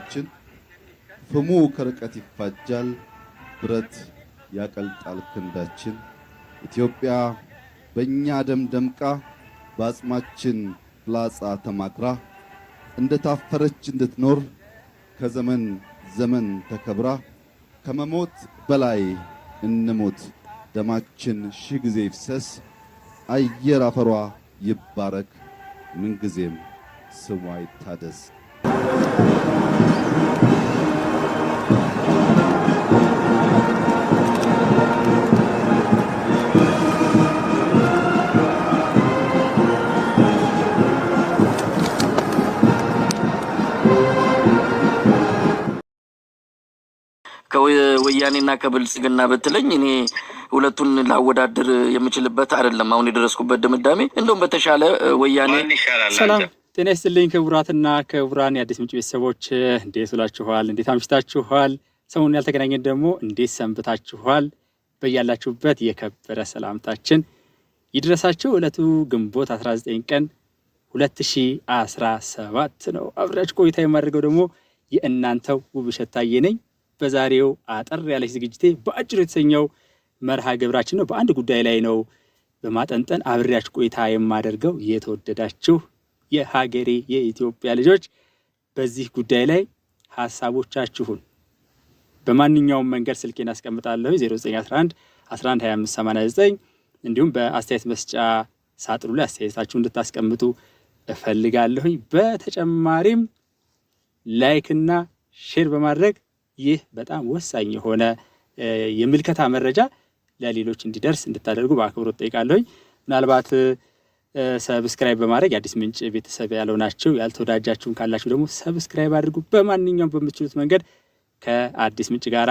አባታችን ፍሙ ከርቀት ይፋጃል፣ ብረት ያቀልጣል ክንዳችን። ኢትዮጵያ በእኛ ደም ደምቃ በአጽማችን ፍላጻ ተማክራ እንደታፈረች እንድትኖር ከዘመን ዘመን ተከብራ ከመሞት በላይ እንሞት ደማችን ሺህ ጊዜ ይፍሰስ፣ አየር አፈሯ ይባረክ፣ ምንጊዜም ስሟ ይታደስ። ከወያኔና ከብልጽግና ብትለኝ እኔ ሁለቱን ላወዳድር የምችልበት አይደለም። አሁን የደረስኩበት ድምዳሜ እንደውም በተሻለ ወያኔ። ሰላም ጤና ይስጥልኝ ክቡራትና ክቡራን የአዲስ ምንጭ ቤተሰቦች እንዴት ውላችኋል? እንዴት አምሽታችኋል? ሰሞኑን ያልተገናኘን ደግሞ እንዴት ሰንብታችኋል? በያላችሁበት የከበረ ሰላምታችን ይድረሳችሁ። እለቱ ግንቦት 19 ቀን 2017 ነው። አብራችሁ ቆይታ የማደርገው ደግሞ የእናንተው ውብሸት ታዬ ነኝ። በዛሬው አጠር ያለች ዝግጅቴ በአጭሩ የተሰኘው መርሃ ግብራችን ነው። በአንድ ጉዳይ ላይ ነው በማጠንጠን አብሬያችሁ ቆይታ የማደርገው። የተወደዳችሁ የሀገሬ የኢትዮጵያ ልጆች በዚህ ጉዳይ ላይ ሀሳቦቻችሁን በማንኛውም መንገድ ስልኬን አስቀምጣለሁ 0911 112589 እንዲሁም በአስተያየት መስጫ ሳጥኑ ላይ አስተያየታችሁ እንድታስቀምጡ እፈልጋለሁኝ። በተጨማሪም እና ሼር በማድረግ ይህ በጣም ወሳኝ የሆነ የምልከታ መረጃ ለሌሎች እንዲደርስ እንድታደርጉ በአክብሮት ጠይቃለሁኝ። ምናልባት ሰብስክራይብ በማድረግ የአዲስ ምንጭ ቤተሰብ ያለው ናቸው ያልተወዳጃችሁም ካላችሁ ደግሞ ሰብስክራይብ አድርጉ። በማንኛውም በምችሉት መንገድ ከአዲስ ምንጭ ጋር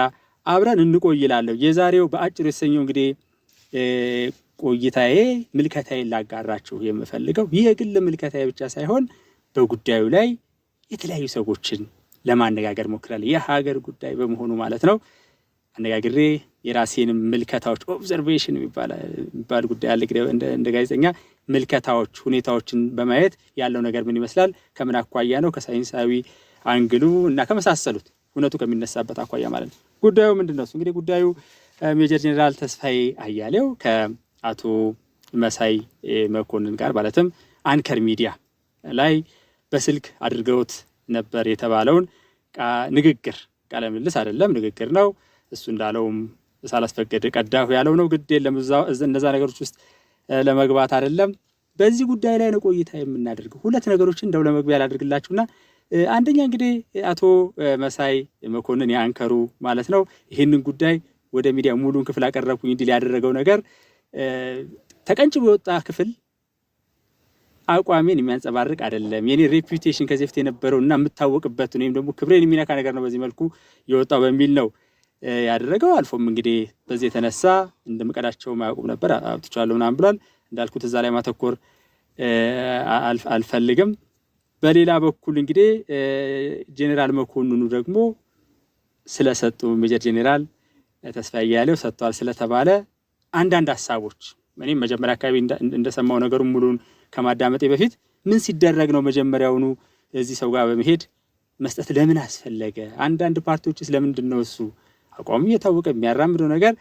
አብረን እንቆይላለሁ። የዛሬው በአጭሩ የተሰኘው እንግዲህ ቆይታዬ ምልከታዬን ላጋራችሁ የምፈልገው የግል ምልከታዬ ብቻ ሳይሆን በጉዳዩ ላይ የተለያዩ ሰዎችን ለማነጋገር ሞክራል። የሀገር ጉዳይ በመሆኑ ማለት ነው። አነጋግሬ የራሴንም ምልከታዎች ኦብዘርቬሽን የሚባል ጉዳይ አለ። እንደ ጋዜጠኛ ምልከታዎች፣ ሁኔታዎችን በማየት ያለው ነገር ምን ይመስላል፣ ከምን አኳያ ነው፣ ከሳይንሳዊ አንግሉ እና ከመሳሰሉት እውነቱ ከሚነሳበት አኳያ ማለት ነው። ጉዳዩ ምንድን ነው? እንግዲህ ጉዳዩ ሜጀር ጀኔራል ተስፋዬ አያሌው ከአቶ መሳይ መኮንን ጋር ማለትም አንከር ሚዲያ ላይ በስልክ አድርገውት ነበር የተባለውን ንግግር ቃለ ምልልስ አይደለም፣ ንግግር ነው። እሱ እንዳለውም ሳላስፈቅድ ቀዳሁ ያለው ነው። ግድ የለም እነዛ ነገሮች ውስጥ ለመግባት አይደለም። በዚህ ጉዳይ ላይ ነው ቆይታ የምናደርገው። ሁለት ነገሮችን እንደው ለመግቢያ ላደርግላችሁና አንደኛ እንግዲህ አቶ መሳይ መኮንን የአንከሩ ማለት ነው ይህንን ጉዳይ ወደ ሚዲያ ሙሉን ክፍል አቀረብኩኝ እንዲል ያደረገው ነገር ተቀንጭቦ የወጣ ክፍል አቋሜን የሚያንጸባርቅ አይደለም። የኔ ሬፒቴሽን ከዚህ በፊት የነበረው እና የምታወቅበት ወይም ደግሞ ክብሬን የሚነካ ነገር ነው በዚህ መልኩ የወጣው በሚል ነው ያደረገው። አልፎም እንግዲህ በዚህ የተነሳ እንደምቀዳቸው ማያውቁም ነበር አብትቻለሁ ምናምን ብሏል። እንዳልኩት እዛ ላይ ማተኮር አልፈልግም። በሌላ በኩል እንግዲህ ጄኔራል መኮንኑ ደግሞ ስለሰጡ ሜጀር ጄኔራል ተስፋ እያለው ሰጥቷል ስለተባለ አንዳንድ ሀሳቦች እኔም መጀመሪያ አካባቢ እንደሰማው ነገሩ ሙሉን ከማዳመጤ በፊት ምን ሲደረግ ነው መጀመሪያውኑ እዚህ ሰው ጋር በመሄድ መስጠት ለምን አስፈለገ? አንዳንድ ፓርቲዎችስ ለምንድን ነው እሱ አቋሙ እየታወቀ የሚያራምደው ነገር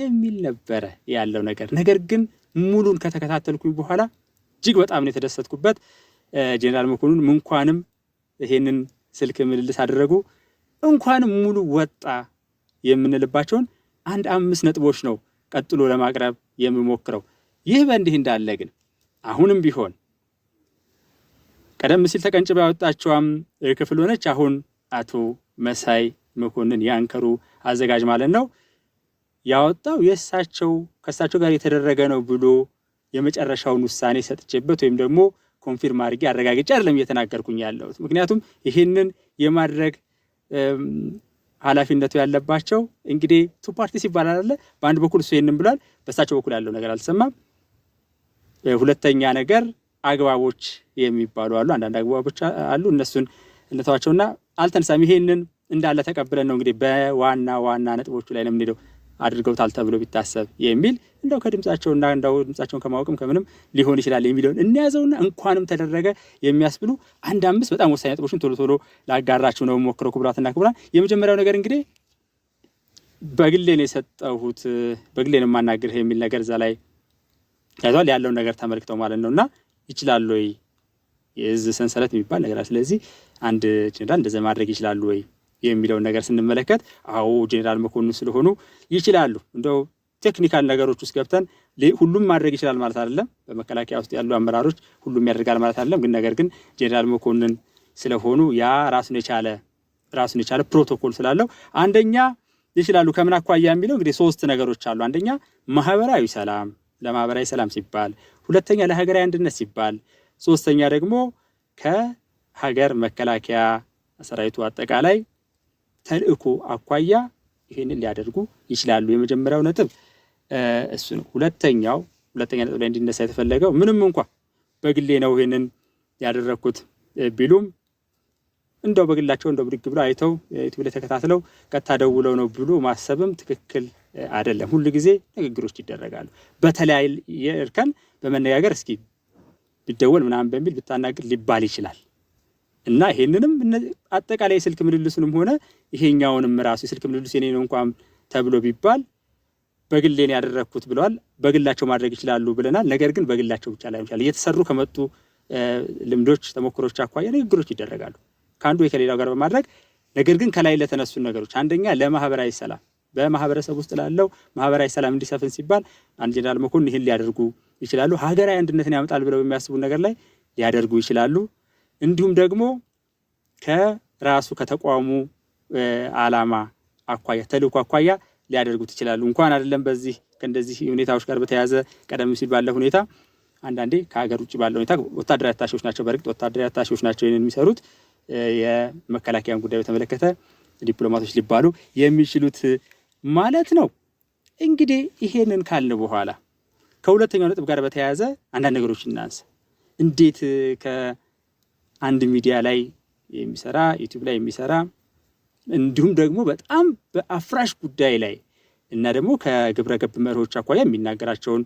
የሚል ነበረ ያለው ነገር። ነገር ግን ሙሉን ከተከታተልኩኝ በኋላ እጅግ በጣም ነው የተደሰትኩበት። ጄኔራል መኮንን እንኳንም ይሄንን ስልክ ምልልስ አደረጉ፣ እንኳንም ሙሉ ወጣ የምንልባቸውን አንድ አምስት ነጥቦች ነው ቀጥሎ ለማቅረብ የምሞክረው። ይህ በእንዲህ እንዳለ ግን አሁንም ቢሆን ቀደም ሲል ተቀንጭባ ያወጣቸዋም ክፍል ሆነች። አሁን አቶ መሳይ መኮንን የአንከሩ አዘጋጅ ማለት ነው ያወጣው የእሳቸው ከእሳቸው ጋር የተደረገ ነው ብሎ የመጨረሻውን ውሳኔ ሰጥቼበት ወይም ደግሞ ኮንፊርም አድርጌ አረጋግጬ አይደለም እየተናገርኩኝ ያለሁት። ምክንያቱም ይህንን የማድረግ ኃላፊነቱ ያለባቸው እንግዲህ ቱ ፓርቲስ ይባላል አለ። በአንድ በኩል እሱ ይህንን ብሏል፣ በእሳቸው በኩል ያለው ነገር አልሰማም። ሁለተኛ ነገር አግባቦች የሚባሉ አሉ። አንዳንድ አግባቦች አሉ። እነሱን እንተዋቸውና አልተነሳም። ይሄንን እንዳለ ተቀብለን ነው እንግዲህ በዋና ዋና ነጥቦቹ ላይ ነው የምንሄደው። አድርገውታል ተብሎ ቢታሰብ የሚል እንደው ከድምጻቸውና እንደው ድምጻቸውን ከማወቅም ከምንም ሊሆን ይችላል የሚለውን እንያዘውና እንኳንም ተደረገ የሚያስብሉ አንድ አምስት በጣም ወሳኝ ነጥቦችን ቶሎ ቶሎ ላጋራችሁ ነው ሞክረው። ክቡራትና ክቡራን የመጀመሪያው ነገር እንግዲህ በግሌ ነው የሰጠሁት በግሌ ነው የማናገር የሚል ነገር እዛ ላይ ታይቷል ያለውን ነገር ተመልክተው ማለት ነው እና ይችላሉ ወይ የእዝ ሰንሰለት የሚባል ነገር ስለዚህ አንድ ጀኔራል እንደዛ ማድረግ ይችላሉ ወይ የሚለውን ነገር ስንመለከት አዎ ጀኔራል መኮንን ስለሆኑ ይችላሉ። እንደው ቴክኒካል ነገሮች ውስጥ ገብተን ሁሉም ማድረግ ይችላል ማለት አይደለም። በመከላከያ ውስጥ ያሉ አመራሮች ሁሉም ያደርጋል ማለት አይደለም። ግን ነገር ግን ጀኔራል መኮንን ስለሆኑ ያ ራሱን የቻለ ራሱን የቻለ ፕሮቶኮል ስላለው አንደኛ ይችላሉ። ከምን አኳያ የሚለው እንግዲህ ሶስት ነገሮች አሉ። አንደኛ ማህበራዊ ሰላም ለማህበራዊ ሰላም ሲባል፣ ሁለተኛ ለሀገራዊ አንድነት ሲባል፣ ሶስተኛ ደግሞ ከሀገር መከላከያ ሰራዊቱ አጠቃላይ ተልእኮ አኳያ ይህንን ሊያደርጉ ይችላሉ። የመጀመሪያው ነጥብ እሱ ነው። ሁለተኛው ሁለተኛ ነጥብ ላይ እንዲነሳ የተፈለገው ምንም እንኳ በግሌ ነው ይህንን ያደረግኩት ቢሉም እንደው በግላቸው እንደው ብድግ ብለው አይተው ዩቲዩብ ላይ ተከታትለው ቀጥታ ደውለው ነው ብሎ ማሰብም ትክክል አይደለም። ሁሉ ጊዜ ንግግሮች ይደረጋሉ። በተለያየ እርከን በመነጋገር እስኪ ቢደወል ምናምን በሚል ብታናግር ሊባል ይችላል እና ይሄንንም አጠቃላይ የስልክ ምልልሱንም ሆነ ይሄኛውንም ራሱ የስልክ ምልልስ የኔ ነው እንኳን ተብሎ ቢባል በግሌን ያደረግኩት ብለዋል። በግላቸው ማድረግ ይችላሉ ብለናል። ነገር ግን በግላቸው ብቻ ላይ ይችላል እየተሰሩ ከመጡ ልምዶች፣ ተሞክሮች አኳያ ንግግሮች ይደረጋሉ ከአንዱ ከሌላው ጋር በማድረግ ነገር ግን ከላይ ለተነሱ ነገሮች አንደኛ ለማህበራዊ ሰላም በማህበረሰብ ውስጥ ላለው ማህበራዊ ሰላም እንዲሰፍን ሲባል አንድ ጀነራል መኮንን ይህን ሊያደርጉ ይችላሉ። ሀገራዊ አንድነትን ያመጣል ብለው የሚያስቡ ነገር ላይ ሊያደርጉ ይችላሉ። እንዲሁም ደግሞ ከራሱ ከተቋሙ አላማ አኳያ ተልእኮ አኳያ ሊያደርጉት ይችላሉ። እንኳን አይደለም በዚህ ከእንደዚህ ሁኔታዎች ጋር በተያያዘ ቀደም ሲል ባለ ሁኔታ አንዳንዴ ከሀገር ውጭ ባለ ሁኔታ ወታደራዊ አታሼዎች ናቸው። በእርግጥ ወታደራዊ አታሼዎች ናቸው ይህንን የሚሰሩት። የመከላከያን ጉዳይ በተመለከተ ዲፕሎማቶች ሊባሉ የሚችሉት ማለት ነው። እንግዲህ ይሄንን ካልን በኋላ ከሁለተኛው ነጥብ ጋር በተያያዘ አንዳንድ ነገሮች እናንስ። እንዴት ከአንድ ሚዲያ ላይ የሚሰራ ዩቲዩብ ላይ የሚሰራ እንዲሁም ደግሞ በጣም በአፍራሽ ጉዳይ ላይ እና ደግሞ ከግብረ ገብ መርሆች አኳያ የሚናገራቸውን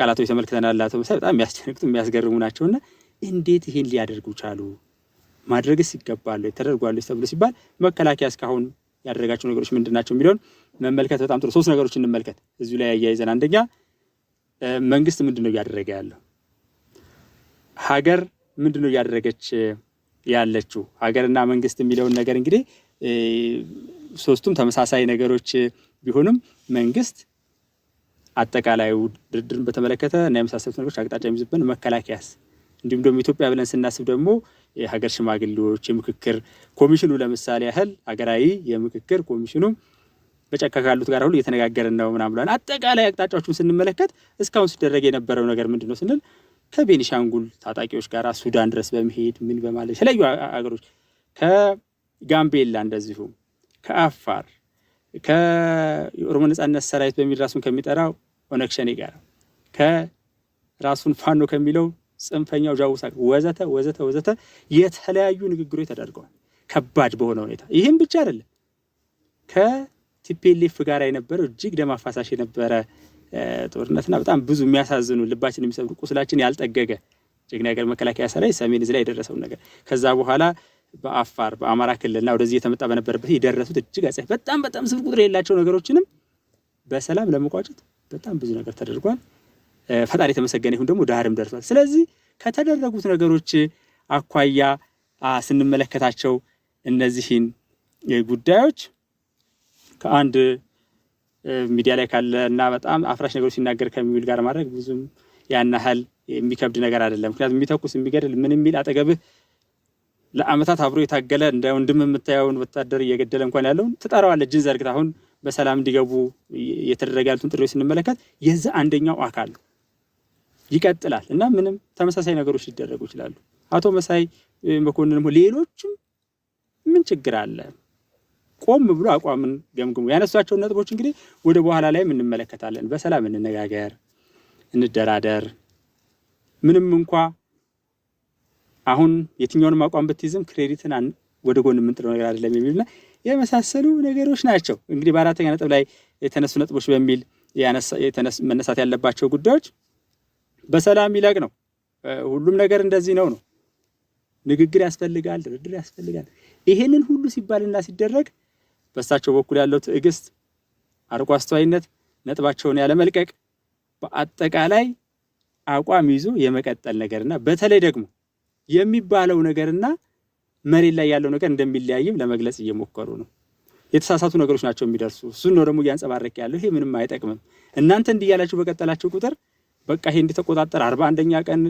ቃላቶች ተመልክተናል። አቶ መሳይ በጣም የሚያስደነግጡ የሚያስገርሙ ናቸውና እንዴት ይህን ሊያደርጉ ቻሉ? ማድረግስ ይገባሉ? ተደርጓሉ ተብሎ ሲባል መከላከያ እስካሁን ያደረጋቸው ነገሮች ምንድን ናቸው የሚለውን መመልከት በጣም ጥሩ። ሶስት ነገሮች እንመልከት እዚሁ ላይ አያይዘን። አንደኛ መንግስት ምንድን ነው እያደረገ ያለው? ሀገር ምንድን ነው እያደረገች ያለችው? ሀገርና መንግስት የሚለውን ነገር እንግዲህ ሶስቱም ተመሳሳይ ነገሮች ቢሆንም መንግስት አጠቃላዩ ድርድርን በተመለከተ እና የመሳሰሉት ነገሮች አቅጣጫ የሚዝብን መከላከያስ እንዲሁም ደግሞ ኢትዮጵያ ብለን ስናስብ ደግሞ የሀገር ሽማግሌዎች የምክክር ኮሚሽኑ ለምሳሌ ያህል ሀገራዊ የምክክር ኮሚሽኑ በጫካ ካሉት ጋር ሁሉ እየተነጋገርን ነው ምናምን ብለን አጠቃላይ አቅጣጫዎቹን ስንመለከት እስካሁን ሲደረግ የነበረው ነገር ምንድን ነው ስንል ከቤኒሻንጉል ታጣቂዎች ጋር ሱዳን ድረስ በመሄድ ምን በማለት የተለያዩ ሀገሮች ከጋምቤላ እንደዚሁ ከአፋር ከኦሮሞ ነጻነት ሰራዊት በሚል ራሱን ከሚጠራው ኦነግ ሸኔ ጋር ከራሱን ፋኖ ከሚለው ጽንፈኛው ጃውሳቅ ወዘተ ወዘተ ወዘተ የተለያዩ ንግግሮች ተደርገዋል፣ ከባድ በሆነ ሁኔታ። ይህም ብቻ አይደለም፣ ከቲፒኤልኤፍ ጋር የነበረው እጅግ ደም አፋሳሽ የነበረ ጦርነትና በጣም ብዙ የሚያሳዝኑ ልባችን የሚሰብሩ ቁስላችን ያልጠገገ ጀግና ሀገር መከላከያ ሰራዊት ሰሜን እዝ ላይ የደረሰውን ነገር ከዛ በኋላ በአፋር በአማራ ክልልና ወደዚህ የተመጣ በነበረበት የደረሱት እጅግ አጸያፊ በጣም በጣም ስፍር ቁጥር የሌላቸው ነገሮችንም በሰላም ለመቋጨት በጣም ብዙ ነገር ተደርጓል። ፈጣሪ የተመሰገነ ይሁን ደግሞ ዳርም ደርሷል። ስለዚህ ከተደረጉት ነገሮች አኳያ ስንመለከታቸው እነዚህን ጉዳዮች ከአንድ ሚዲያ ላይ ካለ እና በጣም አፍራሽ ነገሮች ሲናገር ከሚውል ጋር ማድረግ ብዙም ያን ያህል የሚከብድ ነገር አይደለም። ምክንያቱም የሚተኩስ የሚገድል ምን የሚል አጠገብህ ለአመታት አብሮ የታገለ እንደ ወንድም የምታየውን ወታደር እየገደለ እንኳን ያለውን ትጠራዋለህ እጅን ዘርግታ። አሁን በሰላም እንዲገቡ የተደረገ ያሉትን ጥሪዎች ስንመለከት የዛ አንደኛው አካል ነው። ይቀጥላል እና ምንም ተመሳሳይ ነገሮች ሊደረጉ ይችላሉ። አቶ መሳይ መኮንን ሌሎችም ምን ችግር አለ ቆም ብሎ አቋምን ገምግሙ። ያነሷቸውን ነጥቦች እንግዲህ ወደ በኋላ ላይም እንመለከታለን። በሰላም እንነጋገር፣ እንደራደር። ምንም እንኳ አሁን የትኛውንም አቋም ብትይዝም ክሬዲትን ወደ ጎን የምንጥለው ነገር አይደለም የሚሉና የመሳሰሉ ነገሮች ናቸው እንግዲህ በአራተኛ ነጥብ ላይ የተነሱ ነጥቦች በሚል መነሳት ያለባቸው ጉዳዮች በሰላም ይለቅ ነው። ሁሉም ነገር እንደዚህ ነው ነው። ንግግር ያስፈልጋል፣ ድርድር ያስፈልጋል። ይሄንን ሁሉ ሲባልና ሲደረግ በእሳቸው በኩል ያለው ትዕግስት፣ አርቆ አስተዋይነት፣ ነጥባቸውን ያለመልቀቅ፣ በአጠቃላይ አቋም ይዞ የመቀጠል ነገርና በተለይ ደግሞ የሚባለው ነገርና መሬት ላይ ያለው ነገር እንደሚለያይም ለመግለጽ እየሞከሩ ነው። የተሳሳቱ ነገሮች ናቸው የሚደርሱ። እሱን ነው ደግሞ እያንጸባረቅ ያለው። ይሄ ምንም አይጠቅምም። እናንተ እንዲህ በቀጠላችሁ ቁጥር በቃ ይሄ እንዲተቆጣጠር አርባ አንደኛ ቀን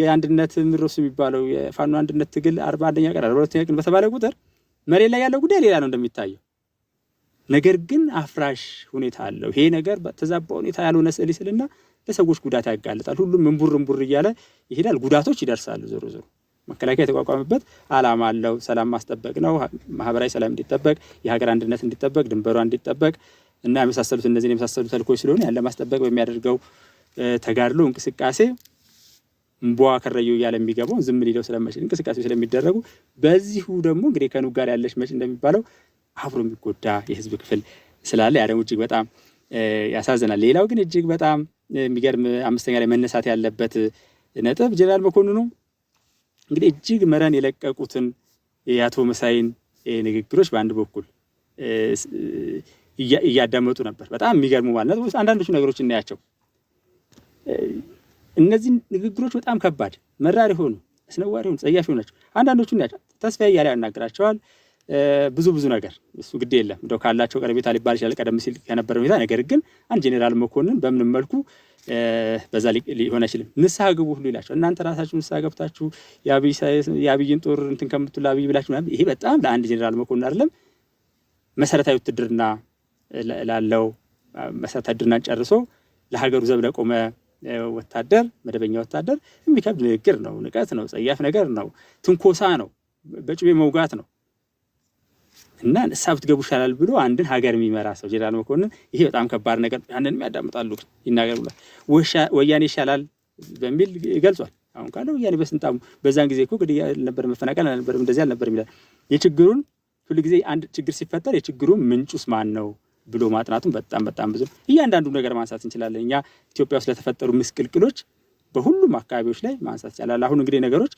የአንድነት ምድሮስ የሚባለው የፋኖ አንድነት ትግል አርባ አንደኛ ቀን አርባ ሁለተኛ ቀን በተባለ ቁጥር መሬት ላይ ያለው ጉዳይ ሌላ ነው እንደሚታየው። ነገር ግን አፍራሽ ሁኔታ አለው። ይሄ ነገር በተዛባ ሁኔታ ያልሆነ ስዕል ይስልና ለሰዎች ጉዳት ያጋልጣል። ሁሉም እምቡር እምቡር እያለ ይሄዳል። ጉዳቶች ይደርሳሉ። ዞሮ ዞሮ መከላከያ የተቋቋመበት አላማ አለው። ሰላም ማስጠበቅ ነው። ማህበራዊ ሰላም እንዲጠበቅ፣ የሀገር አንድነት እንዲጠበቅ፣ ድንበሯ እንዲጠበቅ እና የመሳሰሉት እነዚህን የመሳሰሉ ተልኮች ስለሆነ ያለ ማስጠበቅ በሚያደርገው ተጋድሎ እንቅስቃሴ እምቧ ከረዩ እያለ የሚገባው ዝም ሊለው ስለማይችል እንቅስቃሴ ስለሚደረጉ በዚሁ ደግሞ እንግዲህ ከኑግ ጋር ያለች መች እንደሚባለው አብሮ የሚጎዳ የህዝብ ክፍል ስላለ ያ ደግሞ እጅግ በጣም ያሳዝናል። ሌላው ግን እጅግ በጣም የሚገርም አምስተኛ ላይ መነሳት ያለበት ነጥብ ጀነራል መኮንኑ እንግዲህ እጅግ መረን የለቀቁትን የአቶ መሳይን ንግግሮች በአንድ በኩል እያዳመጡ ነበር። በጣም የሚገርሙ ማለት አንዳንዶቹ ነገሮች እናያቸው እነዚህ ንግግሮች በጣም ከባድ መራር የሆኑ አስነዋሪ የሆኑ ጸያፊ ናቸው። አንዳንዶቹ ተስፋ እያለ ያናግራቸዋል። ብዙ ብዙ ነገር እሱ ግድ የለም እንደው ካላቸው ቀረቤታ ሊባል ይችላል፣ ቀደም ሲል ከነበረ ሁኔታ። ነገር ግን አንድ ጄኔራል መኮንን በምንም መልኩ በዛ ሊሆን አይችልም። ንስሐ ግቡ ሁሉ ይላቸው እናንተ ራሳችሁ ንስሐ ገብታችሁ የአብይን ጦር እንትን ከምትሉ አብይ ብላችሁ ይሄ በጣም ለአንድ ጄኔራል መኮንን አይደለም መሰረታዊ ውትድርና ላለው መሰረታዊ ውትድርናን ጨርሶ ለሀገሩ ዘብ ለቆመ ወታደር መደበኛ ወታደር የሚከብድ ንግግር ነው፣ ንቀት ነው፣ ጸያፍ ነገር ነው፣ ትንኮሳ ነው፣ በጩቤ መውጋት ነው እና ንሳ ብትገቡ ይሻላል ብሎ አንድን ሀገር የሚመራ ሰው ጄኔራል መኮንን ይሄ በጣም ከባድ ነገር፣ ያንን የሚያዳምጣሉ ይናገር ብሏል። ወያኔ ይሻላል በሚል ገልጿል። አሁን ካለ ወያኔ በስንጣሙ በዛን ጊዜ እኮ ግድያ አልነበረ፣ መፈናቀል አልነበረም፣ እንደዚህ አልነበረም ይላል። የችግሩን ሁል ጊዜ አንድ ችግር ሲፈጠር የችግሩን ምንጩስ ማን ነው ብሎ ማጥናቱን በጣም በጣም ብዙ እያንዳንዱ ነገር ማንሳት እንችላለን። እኛ ኢትዮጵያ ውስጥ ለተፈጠሩ ምስቅልቅሎች በሁሉም አካባቢዎች ላይ ማንሳት ይቻላል። አሁን እንግዲህ ነገሮች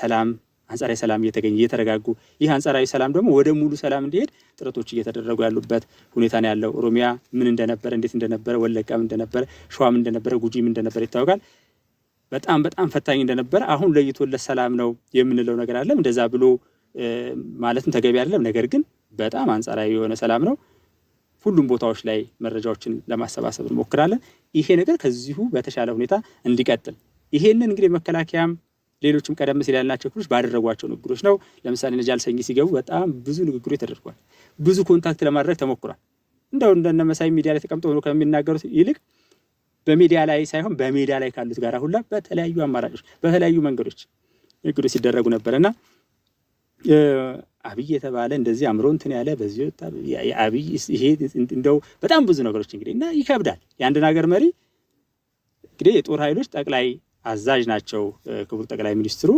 ሰላም አንጻራዊ ሰላም እየተገኘ እየተረጋጉ ይህ አንጻራዊ ሰላም ደግሞ ወደ ሙሉ ሰላም እንዲሄድ ጥረቶች እየተደረጉ ያሉበት ሁኔታ ነው ያለው። ኦሮሚያ ምን እንደነበረ እንዴት እንደነበረ፣ ወለቀም እንደነበረ፣ ሸዋም እንደነበረ፣ ጉጂም እንደነበረ ይታወቃል። በጣም በጣም ፈታኝ እንደነበረ አሁን ለይቶለት ሰላም ነው የምንለው ነገር አለም። እንደዛ ብሎ ማለትም ተገቢ አይደለም። ነገር ግን በጣም አንጻራዊ የሆነ ሰላም ነው። ሁሉም ቦታዎች ላይ መረጃዎችን ለማሰባሰብ እንሞክራለን። ይሄ ነገር ከዚሁ በተሻለ ሁኔታ እንዲቀጥል ይሄንን እንግዲህ መከላከያም ሌሎችም ቀደም ሲል ያልናቸው ክፍሎች ባደረጓቸው ንግግሮች ነው። ለምሳሌ ነጃል ሰኝ ሲገቡ በጣም ብዙ ንግግሮች ተደርጓል። ብዙ ኮንታክት ለማድረግ ተሞክሯል። እንደው እንደነ መሳይ ሚዲያ ላይ ተቀምጦ ሆኖ ከሚናገሩት ይልቅ በሚዲያ ላይ ሳይሆን በሜዳ ላይ ካሉት ጋር ሁላ በተለያዩ አማራጮች በተለያዩ መንገዶች ንግዶች ሲደረጉ እና አብይ የተባለ እንደዚህ አምሮ እንትን ያለ በዚህ ወጣ አብይ ይሄ እንደው በጣም ብዙ ነገሮች እንግዲህ እና ይከብዳል። የአንድን ሀገር መሪ እንግዲህ የጦር ኃይሎች ጠቅላይ አዛዥ ናቸው ክቡር ጠቅላይ ሚኒስትሩ።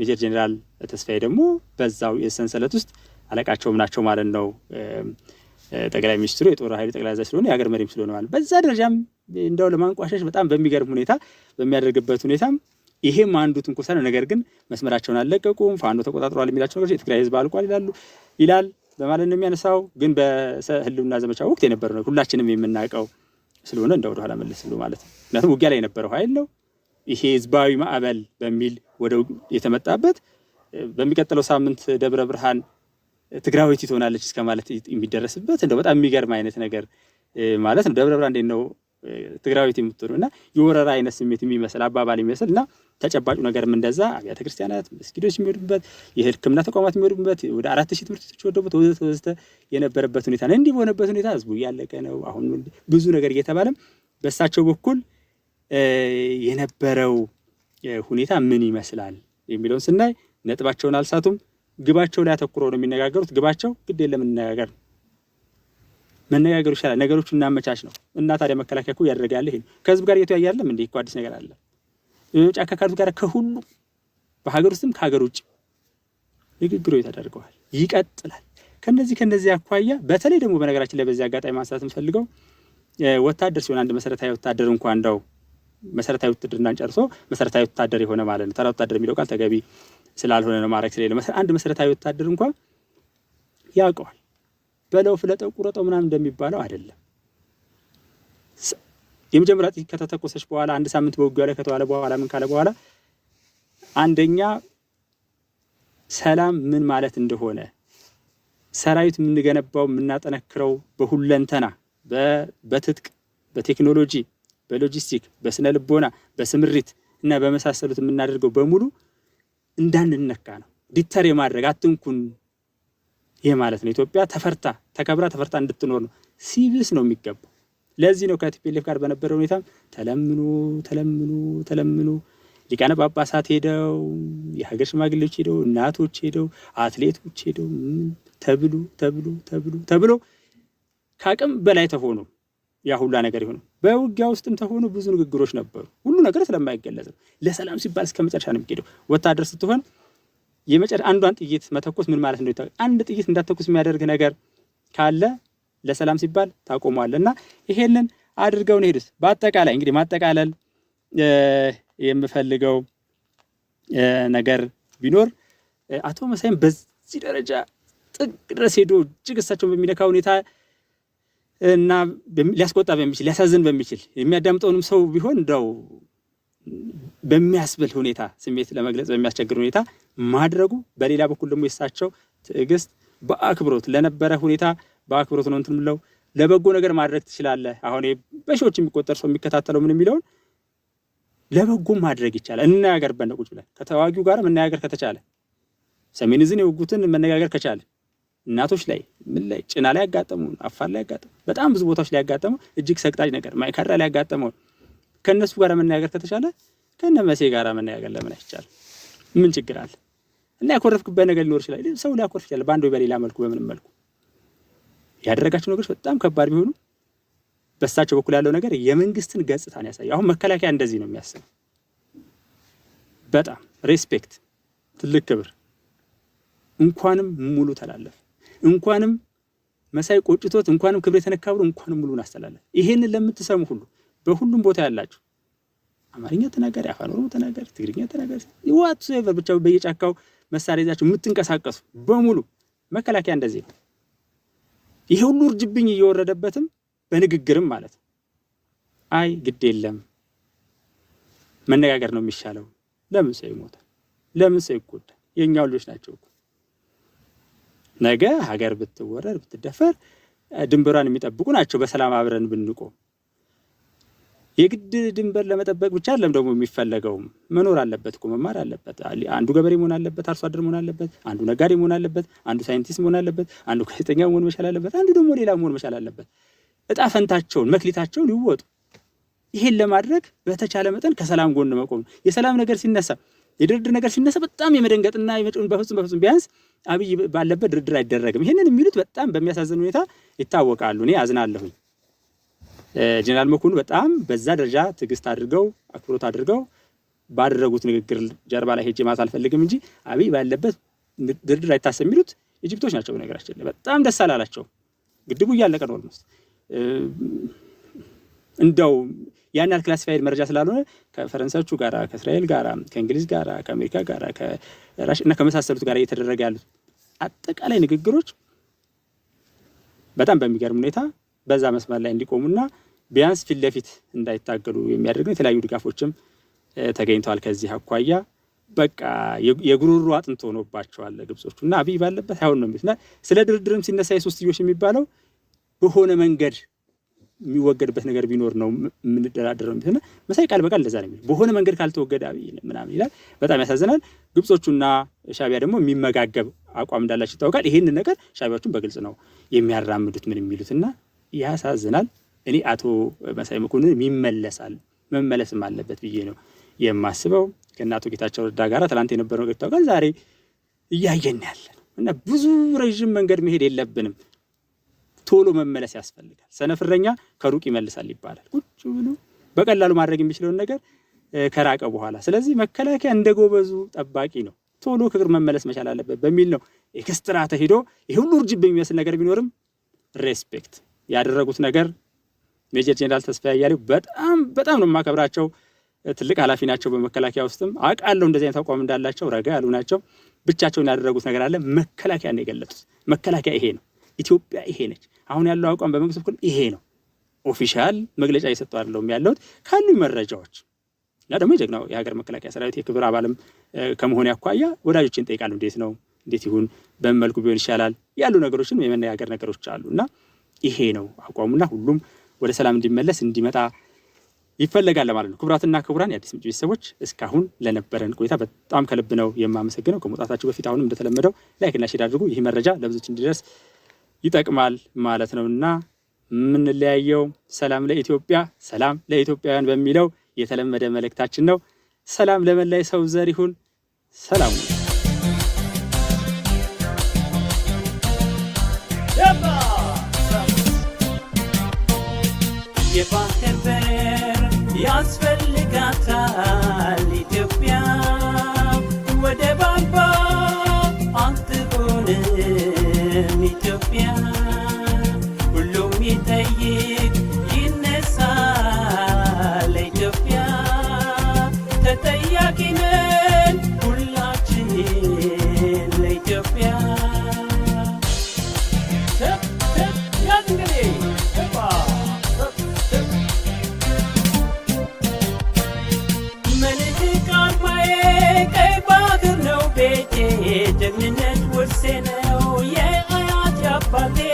ሜጀር ጄኔራል ተስፋዬ ደግሞ በዛው የሰንሰለት ውስጥ አለቃቸውም ናቸው ማለት ነው። ጠቅላይ ሚኒስትሩ የጦር ኃይሉ ጠቅላይ አዛዥ ስለሆነ የሀገር መሪም ስለሆነ ማለት በዛ ደረጃም እንደው ለማንቋሸሽ በጣም በሚገርም ሁኔታ በሚያደርግበት ሁኔታም ይሄም አንዱ ትንኮሳ ነው። ነገር ግን መስመራቸውን አልለቀቁም፣ ፋኖ ተቆጣጥሯል የሚላቸው ነገሮች የትግራይ ህዝብ አልቋል ይላሉ ይላል በማለት ነው የሚያነሳው። ግን በህልውና ዘመቻ ወቅት የነበረው ሁላችንም የምናውቀው ስለሆነ እንደ ወደኋላ መለስ ብሎ ማለት ነው። ምክንያቱም ውጊያ ላይ የነበረው ኃይል ነው ይሄ ህዝባዊ ማዕበል በሚል ወደ የተመጣበት በሚቀጥለው ሳምንት ደብረ ብርሃን ትግራዊት ትሆናለች እስከ ማለት የሚደረስበት እንደ በጣም የሚገርም አይነት ነገር ማለት ነው። ደብረ ብርሃን እንዴት ነው ትግራዊት የምትሆነው እና የወረራ አይነት ስሜት የሚመስል አባባል የሚመስል እና ተጨባጩ ነገርም እንደዛ አብያተ ክርስቲያናት፣ መስጊዶች የሚወድሙበት፣ የሕክምና ተቋማት የሚወድሙበት፣ ወደ አራት ሺህ ትምህርት ቤቶች ወደቡት ወዘተ ወዘተ የነበረበት ሁኔታ ነው። እንዲህ በሆነበት ሁኔታ ህዝቡ እያለቀ ነው። አሁን ብዙ ነገር እየተባለም በእሳቸው በኩል የነበረው ሁኔታ ምን ይመስላል የሚለውን ስናይ ነጥባቸውን አልሳቱም። ግባቸው ላይ አተኩረው ነው የሚነጋገሩት። ግባቸው ግድ የለም እንነጋገር ነው። መነጋገሩ ይሻላል። ነገሮቹ እናመቻች ነው እና ታዲያ መከላከያ እኮ እያደረገ ያለ ይሄ ከህዝብ ጋር እየተወያየ አይደለም እንዴ? እኮ አዲስ ነገር አለ። ጫካ ካሉት ጋር ከሁሉ በሀገር ውስጥም ከሀገር ውጭ ንግግሩ ተደርገዋል፣ ይቀጥላል። ከነዚህ ከነዚህ አኳያ በተለይ ደግሞ በነገራችን ላይ በዚህ አጋጣሚ ማንሳት የምፈልገው ወታደር ሲሆን አንድ መሰረታዊ ወታደር እንኳ እንደው መሰረታዊ ውትድርናን ጨርሶ መሰረታዊ ወታደር የሆነ ማለት ነው። ተራ ወታደር የሚለው ቃል ተገቢ ስላልሆነ ነው ማድረግ ስለሌለ አንድ መሰረታዊ ወታደር እንኳ ያውቀዋል በለው ፍለጠው ቁረጠው ምናምን እንደሚባለው አይደለም። የመጀመሪያ ጥይት ከተተኮሰች በኋላ አንድ ሳምንት በውጊያ ላይ ከተዋለ በኋላ ምን ካለ በኋላ አንደኛ ሰላም ምን ማለት እንደሆነ ሰራዊት የምንገነባው የምናጠነክረው በሁለንተና በትጥቅ፣ በቴክኖሎጂ፣ በሎጂስቲክ፣ በስነ ልቦና፣ በስምሪት እና በመሳሰሉት የምናደርገው በሙሉ እንዳንነካ ነው። ዲተር የማድረግ አትንኩን ይሄ ማለት ነው ኢትዮጵያ ተፈርታ ተከብራ ተፈርታ እንድትኖር ነው ሲብስ ነው የሚገባው። ለዚህ ነው ከቲፒኤልኤፍ ጋር በነበረ ሁኔታ ተለምኑ ተለምኑ ተለምኑ ሊቃነ ጳጳሳት ሄደው የሀገር ሽማግሌዎች ሄደው እናቶች ሄደው አትሌቶች ሄደው ተብሎ ተብሎ ተብሎ ተብሎ ከአቅም በላይ ተሆኖ ያ ሁላ ነገር የሆነው በውጊያ ውስጥም ተሆኑ ብዙ ንግግሮች ነበሩ። ሁሉ ነገር ስለማይገለጽ ለሰላም ሲባል እስከ መጨረሻ ነው የሚሄደው። ወታደር ስትሆን የመጨረ አንዷን ጥይት መተኮስ ምን ማለት እንደሆነ አንድ ጥይት እንዳተኩስ የሚያደርግ ነገር ካለ ለሰላም ሲባል ታቆመዋለህ እና ይሄንን አድርገው ነው ሄዱት። በአጠቃላይ እንግዲህ ማጠቃለል የምፈልገው ነገር ቢኖር አቶ መሳይም በዚህ ደረጃ ጥግ ድረስ ሄዶ እጅግ እሳቸውን በሚነካ ሁኔታ እና ሊያስቆጣ በሚችል ሊያሳዝን በሚችል የሚያዳምጠውንም ሰው ቢሆን እንደው በሚያስብል ሁኔታ ስሜት ለመግለጽ በሚያስቸግር ሁኔታ ማድረጉ፣ በሌላ በኩል ደግሞ የሳቸው ትዕግስት በአክብሮት ለነበረ ሁኔታ በአክብሮት ነው እንትን ምለው ለበጎ ነገር ማድረግ ትችላለህ። አሁን በሺዎች የሚቆጠር ሰው የሚከታተለው ምን የሚለውን ለበጎ ማድረግ ይቻላል። እንነጋገር በነቁጭ ብለን ከተዋጊው ጋር መነጋገር ከተቻለ ሰሜን ሰሜንዝን የወጉትን መነጋገር ከቻለ እናቶች ላይ ምን ላይ ጭና ላይ ያጋጠሙ አፋር ላይ ያጋጠሙ በጣም ብዙ ቦታዎች ላይ ያጋጠሙ እጅግ ሰቅጣጭ ነገር ማይካድራ ላይ ያጋጠመውን ከእነሱ ጋር መነጋገር ከተቻለ ከነ መሴ ጋር መነጋገር ለምን አይቻልም? ምን ችግር አለ? እና ያኮረፍክበት ነገር ሊኖር ይችላል። ሰው ሊያኮርፍ ይችላል፣ በአንድ ወይ በሌላ መልኩ በምንም መልኩ ያደረጋቸው ነገሮች በጣም ከባድ ቢሆኑ በሳቸው በኩል ያለው ነገር የመንግስትን ገጽታ ነው ያሳየው። አሁን መከላከያ እንደዚህ ነው የሚያስበው በጣም ሬስፔክት፣ ትልቅ ክብር። እንኳንም ሙሉ ተላለፍ፣ እንኳንም መሳይ ቆጭቶት፣ እንኳንም ክብር የተነካ ብሎ እንኳንም ሙሉን አስተላለፍ። ይሄንን ለምትሰሙ ሁሉ በሁሉም ቦታ ያላችሁ አማርኛ ተናጋሪ፣ አፋን ኦሮሞ ተናጋሪ፣ ትግርኛ ተናጋሪ ይዋት ሴቨር ብቻ በየጫካው መሳሪያ ይዛችሁ የምትንቀሳቀሱ በሙሉ መከላከያ እንደዚህ ነው። ይሄ ሁሉ እርጅብኝ እየወረደበትም በንግግርም ማለት ነው። አይ ግድ የለም መነጋገር ነው የሚሻለው። ለምን ሰው ይሞታል? ለምን ሰው ይጎዳል? የእኛው ልጆች ናቸው እኮ ነገ ሀገር ብትወረር ብትደፈር ድንበሯን የሚጠብቁ ናቸው። በሰላም አብረን ብንቆም የግድ ድንበር ለመጠበቅ ብቻ አይደለም ደግሞ የሚፈለገው፣ መኖር አለበት እኮ መማር አለበት። አንዱ ገበሬ መሆን አለበት፣ አርሶ አደር መሆን አለበት፣ አንዱ ነጋዴ መሆን አለበት፣ አንዱ ሳይንቲስት መሆን አለበት፣ አንዱ ጋዜጠኛ መሆን መቻል አለበት፣ አንዱ ደግሞ ሌላ መሆን መቻል አለበት። እጣ ፈንታቸውን መክሊታቸውን ይወጡ። ይሄን ለማድረግ በተቻለ መጠን ከሰላም ጎን መቆም የሰላም ነገር ሲነሳ የድርድር ነገር ሲነሳ በጣም የመደንገጥና የመጭን በፍጹም በፍጹም ቢያንስ አብይ ባለበት ድርድር አይደረግም። ይህንን የሚሉት በጣም በሚያሳዝን ሁኔታ ይታወቃሉ። እኔ አዝናለሁኝ። ጀነራል መኮንን በጣም በዛ ደረጃ ትዕግስት አድርገው አክብሮት አድርገው ባደረጉት ንግግር ጀርባ ላይ ሄጄ ማለት አልፈልግም እንጂ አብይ ባለበት ድርድር አይታሰብ የሚሉት ኢጅፕቶች ናቸው። በነገራችን በጣም ደስ አላላቸው። ግድቡ እያለቀ ነው። ልመስ እንደው ያን ያህል ክላሲፋይድ መረጃ ስላልሆነ ከፈረንሳዮቹ ጋራ፣ ከእስራኤል ጋራ፣ ከእንግሊዝ ጋራ፣ ከአሜሪካ ጋራ እና ከመሳሰሉት ጋር እየተደረገ ያሉት አጠቃላይ ንግግሮች በጣም በሚገርም ሁኔታ በዛ መስመር ላይ እንዲቆሙና ቢያንስ ፊት ለፊት እንዳይታገሉ የሚያደርግ የተለያዩ ድጋፎችም ተገኝተዋል። ከዚህ አኳያ በቃ የጉሩሩ አጥንት ሆኖባቸዋል ግብጾቹ እና አብይ ባለበት አይሆን ነው የሚሉትና ስለ ድርድርም ሲነሳ የሶስትዮሽ የሚባለው በሆነ መንገድ የሚወገድበት ነገር ቢኖር ነው ነው የሚሉትና መሳይ ቃል በቃል እንደዛ ነው የሚሉት። በሆነ መንገድ ካልተወገደ አብይ ምናምን ይላል። በጣም ያሳዝናል። ግብጾቹና ሻቢያ ደግሞ የሚመጋገብ አቋም እንዳላቸው ይታወቃል። ይህንን ነገር ሻቢያዎቹን በግልጽ ነው የሚያራምዱት ምን የሚሉትና ያሳዝናል። እኔ አቶ መሳይ መኮንን ይመለሳል መመለስም አለበት ብዬ ነው የማስበው። ከእነ አቶ ጌታቸው ረዳ ጋር ትላንት የነበረው ገጭታ ጋር ዛሬ እያየን ያለ ነው እና ብዙ ረዥም መንገድ መሄድ የለብንም። ቶሎ መመለስ ያስፈልጋል። ሰነፍረኛ ከሩቅ ይመልሳል ይባላል። ቁጭ ብሎ በቀላሉ ማድረግ የሚችለውን ነገር ከራቀ በኋላ ስለዚህ መከላከያ እንደ ጎበዙ ጠባቂ ነው፣ ቶሎ ከእግር መመለስ መቻል አለበት በሚል ነው ኤክስትራ ተሂዶ ይህ ሁሉ እርጅብ የሚመስል ነገር ቢኖርም ሬስፔክት ያደረጉት ነገር ሜጀር ጄኔራል ተስፋዬ አያሌው በጣም በጣም ነው የማከብራቸው። ትልቅ ኃላፊ ናቸው። በመከላከያ ውስጥም አውቃለሁ እንደዚህ አይነት አቋም እንዳላቸው። ረጋ ያሉ ናቸው። ብቻቸውን ያደረጉት ነገር አለ። መከላከያ ነው የገለጡት። መከላከያ ይሄ ነው፣ ኢትዮጵያ ይሄ ነች። አሁን ያለው አቋም በመንግስት በኩል ይሄ ነው። ኦፊሻል መግለጫ እየሰጡ አይደለሁም ያለሁት ካሉ መረጃዎች እና ደግሞ የጀግናው የሀገር መከላከያ ሰራዊት የክብር አባልም ከመሆን ያኳያ ወዳጆችን ጠይቃሉ። እንዴት ነው እንዴት ይሁን በምን መልኩ ቢሆን ይሻላል ያሉ ነገሮችን የመነጋገር ነገሮች አሉ እና ይሄ ነው አቋሙና ሁሉም ወደ ሰላም እንዲመለስ እንዲመጣ ይፈለጋል ማለት ነው። ክቡራትና ክቡራን የአዲስ ምንጭ ቤተሰቦች እስካሁን ለነበረን ቆይታ በጣም ከልብ ነው የማመሰግነው። ከመውጣታችሁ በፊት አሁንም እንደተለመደው ላይክና ሼር አድርጉ። ይህ መረጃ ለብዙዎች እንዲደርስ ይጠቅማል ማለት ነው እና የምንለያየው ሰላም ለኢትዮጵያ ሰላም ለኢትዮጵያውያን በሚለው የተለመደ መልእክታችን ነው። ሰላም ለመላይ ሰው ዘር ይሁን። ሰላም but